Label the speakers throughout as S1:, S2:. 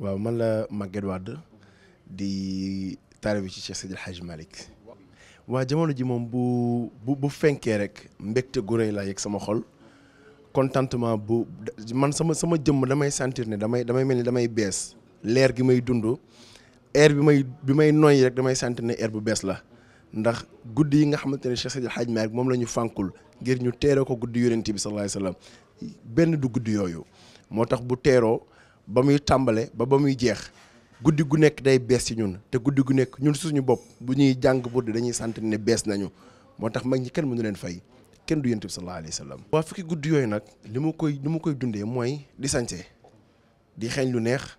S1: waaw man la Maguette Wade di taalibe ci Cheikh Seydil Hadj Malick waa jamono ji moom bu bu fenkee rek mbégte gu rëy laa yëg sama xol contentement bu man sama sama jëmm damay sentir ne damay damay mel ni damay bees leer gi may dund air bi may bi may noyyi rek damay sentir ne air bu bees la ndax guddi yi nga xamante ne Cheikh Seydil Hadj Malick moom la ñu fànkul ngir ñu teeroo ko guddi yonent bi sallallahu alayhi wasallam benn du guddi yooyu moo tax bu teeroo ba muy tàmbale ba ba muy jeex guddi gu nekk day bees ci ñun te guddi gu nekk ñun suñu bopp bu ñuy jàng burdi dañuy sant ne bees nañu moo tax mag ñi kenn nu leen fay kenn du yonent bi sallallahu alayhi wa sallam waa fukki guddi yooyu nag li mu koy li mu koy dundee mooy di sañse di xeeñ lu neex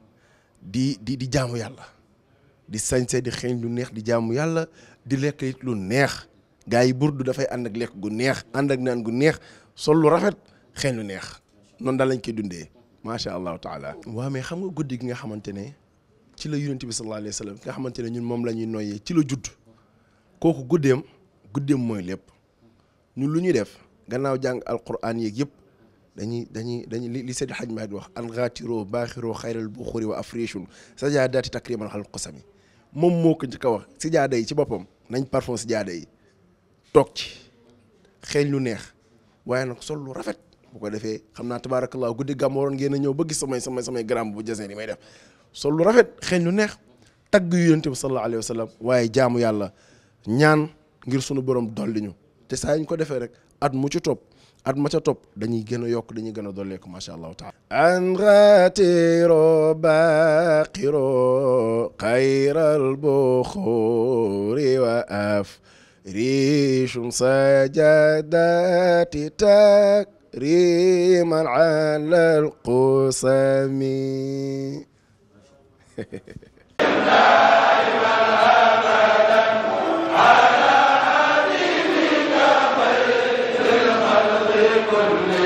S1: di di di jaamu yàlla di sañse di xeeñ lu neex di jaamu yàlla di lekk it lu neex gars yi burdu dafay ànd ak lekk gu neex ànd ak naan gu neex sol lu rafet xeeñ lu neex noonu lañ koy dundee macha allah taala. waaw mais xam nga guddi gi nga xamante ne ci la yonent bi sallallahu alayhi wa sallam nga xamante ne ñun moom lañuy ñuy noyyee ci la judd kooku guddeem guddeem mooy lépp ñun lu ñuy def gannaaw jàng alquran yeeg yëpp dañuy dañuy dañuy li li Seydi Hadj Mahi di wax alxaatiroo baaxiroo xayral buxuri wa africhun sajaadaati takriman xal qasami moom moo ko njëkk a wax si jaada yi ci boppam nañ parfum si jaada yi toog ci xeeñ lu neex waaye nag sol lu rafet. bu ko defee xam naa tabaarakallaa guddi gàmm waroon ngeen a ñëw ba gis samay samay samay gram bu jaseen yi may lu rafet xeeñ lu neex tagg yu yonent bi sallallahu alayhi waaye jaamu yàlla ñaan ngir sunu borom dolli ñu te saa ñu ko defee rek at mu ci topp at ma ca topp dañuy gën a yokk dañuy gën a dolleeku macha allahu taala an xaatiro baqiro xayral buxuri wa af riishum sajadati tak ريما على القسم دائما ابدا على حبيبك خير الخلق كلهم